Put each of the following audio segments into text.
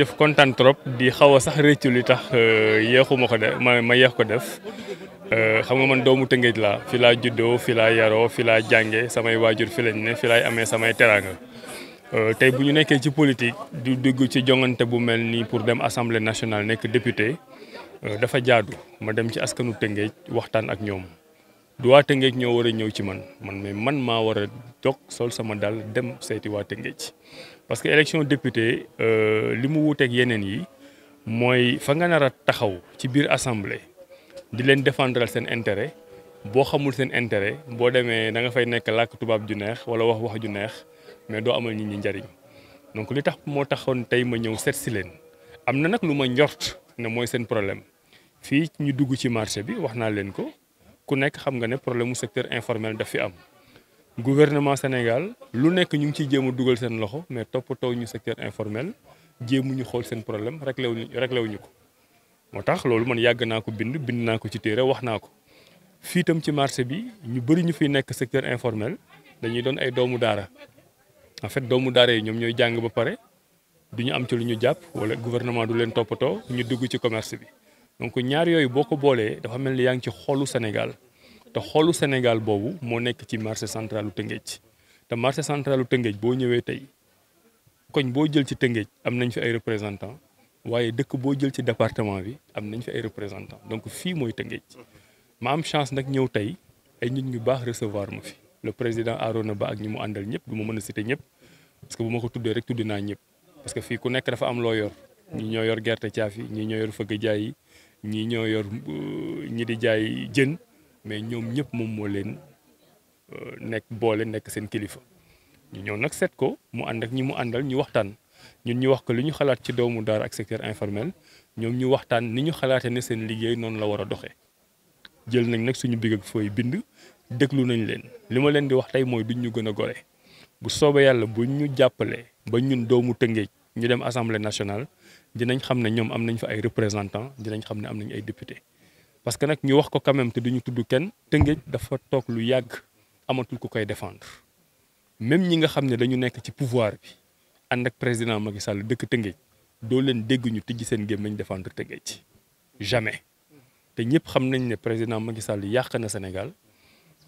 jëf kontaan trop di xaw a sax rëccu li tax euh, yéexuma ko def ma ma yéex ko def euh, xam nga man doomu Tëngéej laa fi laa juddoo fi laa yaroo fi laa jànge samay waajur fi lañ ne fi laay amee samay teraanga euh, tey bu ñu nekkee ci politique du diggu ci jongante bu mel nii pour dem assemblée nationale nekk député dafa jaadu ma dem ci askanu Tëngéej waxtaan ak ñoom du waa Tëngéej ñoo war ñëw ci man man mais man maa war a sol sama dal dem seeti waa Tëngéej parce que élection député euh, li mu wuuteeg yeneen yi mooy fa nga nar a taxaw ci biir assemblée di leen défendral seen intérêt boo xamul seen intérêt boo demee da nga fay nekk làkk tubaab ju neex wala wax wax ju neex mais doo amal ñi ñi njariñ donc li tax moo taxoon tey ma ñëw seet si leen am na nag lu ma njort ne mooy seen problème fii ñu dugg ci marché bi wax naa leen ko. ku nekk xam nga ne problème mu secteur informel daf fi am gouvernement Sénégal lu nekk ñu ngi ciy jéem a dugal seen loxo mais toppatoo ñu secteur informel jéemu ñu xool seen problème réglé wu ñu réglé ko. moo tax loolu man yàgg naa ko bind bind naa ko ci téere wax naa ko fii itam ci marché bi ñu bëri ñu fiy nekk secteur informel dañuy doon ay doomu daara en fait doomu daara yi ñoom ñooy jàng ba pare du ñu am ci lu ñu jàpp wala gouvernement du leen toppatoo ñu dugg ci commerce bi. donc ñaar yooyu boo ko boolee dafa mel ni yaa ngi ci xoolu Sénégal te xoolu Sénégal boobu moo nekk ci marché centralu Tëngéej te marché centralu Tëngéej boo ñëwee tey koñ boo jël ci Tëngéej am nañ fi ay représentant waaye dëkk boo jël ci département bi am nañ fi ay représentant donc fii mooy Tëngéej ma am chance nag ñëw tey ay nit ñu baax recevoir ma fi le président Arona Ba ak ñi mu àndal ñëpp du mën a citer ñëpp parce que bu ma ko tuddee rek tuddi naa ñëpp parce que fii ku nekk dafa am loo yor ñi ñoo yor gerte caaf ñi ñoo yor fëgg jaay yi ñi ñoo yor ñi di jaay jën mais ñoom ñëpp moom moo leen euh, nekk boole nekk seen kilifa ñu ñëw nag seet ko mu ànd ak ñi mu àndal ñu waxtaan ñun ñu wax ko li ñu xalaat ci doomu daara ak secteur informel ñoom ñu waxtaan ni ñu xalaatee ne seen liggéey noonu la war a doxee jël nañ nag suñu big ak fooy bind déglu nañ leen li ma leen di wax tey mooy duñ ñu gën a gore bu soobee yàlla buñ ñu jàppalee ba ñun doomu Tëngéej ñu dem assemblée national dinañ xam ne ñoom am nañ fa ay représentants dinañ xam ne am nañ ay députés parce que nag ñu wax ko quand même te duñu tudd kenn Tëngéej dafa toog lu yàgg amatul ko koy défendre même ñi nga xam ne dañu nekk ci pouvoir bi ànd ak président Macky Sall dëkk Tëngéej doo leen dégg ñu tijji seen gémmiñ défendre Tëngéej jamais te ñëpp xam nañ ne président Macky Sall yàq na Sénégal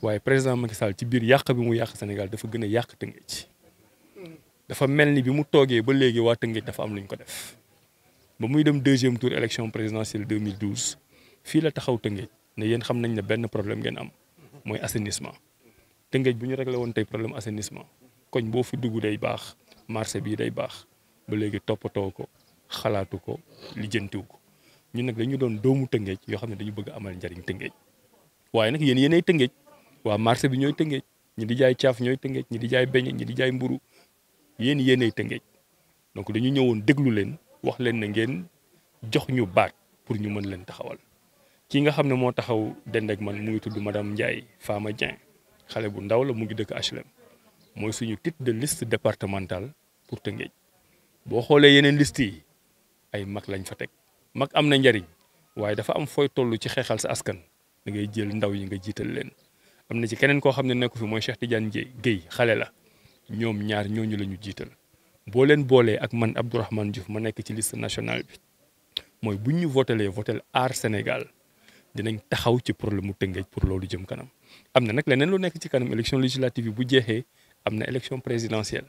waaye président Macky Sall ci biir yàq bi mu yàq Sénégal dafa gën a yàq Tëngéej dafa mel ni bi mu toogee ba léegi waa Tëngéej dafa am lu ñu ko def ba muy dem deuxième tour élection présidentielle 2012 fii la taxaw Tëngéej ne yéen xam nañ ne benn problème ngeen am mooy assainissement Tëngéej bu ñu réglé woon tey problème assainissement koñ boo fi dugg day baax marché bii day baax ba léegi toppatoo ko xalaatu ko lijjantiw ko ñun nag dañu doon doomu Tëngéej yoo xam ne dañu bëgg amal njariñ Tëngéej waaye nag yéen yéenay Tëngéej waa marché bi ñooy Tëngéej ñu di jaay caaf ñooy Tëngéej ñi di jaay beñe ñi di jaay mburu yéen yéenay Tëngéej donc dañu ñëwoon déglu leen wax leen na ngeen jox ñu baat pour ñu mën leen taxawal ki nga xam ne moo taxaw dend ak man mu ngi tudd madame Ndiaye faama Dieng xale bu ndaw la mu ngi dëkk HLM mooy suñu titre de liste départementale pour Tëngéej boo xoolee yeneen liste yi ay mag lañ fa teg mag am na njariñ waaye dafa am fooy tollu ci xeexal sa askan da ngay jël ndaw yi nga jiital leen am na ci keneen koo xam ne nekku fi mooy Cheikh Tidiane Guèye Guèye xale la ñoom ñaar ñooñu la ñu jiital boo leen boolee ak man Abdourahmane Diouf ma nekk ci liste national bi mooy bu ñu votelee votel aar Sénégal dinañ taxaw ci problème mu Tëngéej pour loolu jëm kanam am na nag leneen lu nekk ci kanam élection législative yi bu jeexee am na élection présidentielle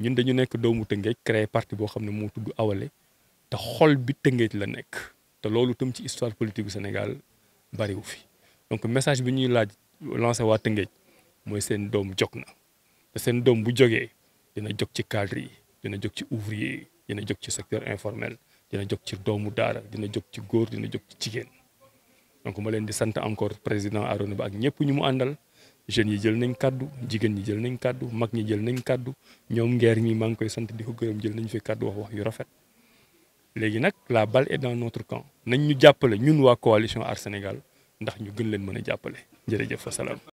ñun dañu nekk doomu Tëngéej créer partie boo xam ne moo tudd awale te xol bi Tëngéej la nekk te loolu tam ci histoire politique gu Sénégal bariwu fi donc message bi ñuy laaj lancé waa Tëngéej mooy seen doom jog na seen doom bu jógee dina jog ci cadre yi dina jog ci ouvrier dina jog ci secteur informel dina jog ci doomu daara dina jog ci góor dina jog ci jigéen donc ma leen di sant encore président Arona Ba ak ñëpp ñu mu àndal jeunes yi jël nañ kàddu jigéen ñi jël nañ kàddu mag ñi jël nañ kàddu ñoom ngeer ñi maa ngi koy sant di ko gërëm jël nañ fi kàddu wax wax yu rafet léegi nag la bale est dans notre camp nañ ñu jàppale ñun waa coalition Aar Sénégal ndax ñu gën leen mën a jàppale jërëjëf wasalaam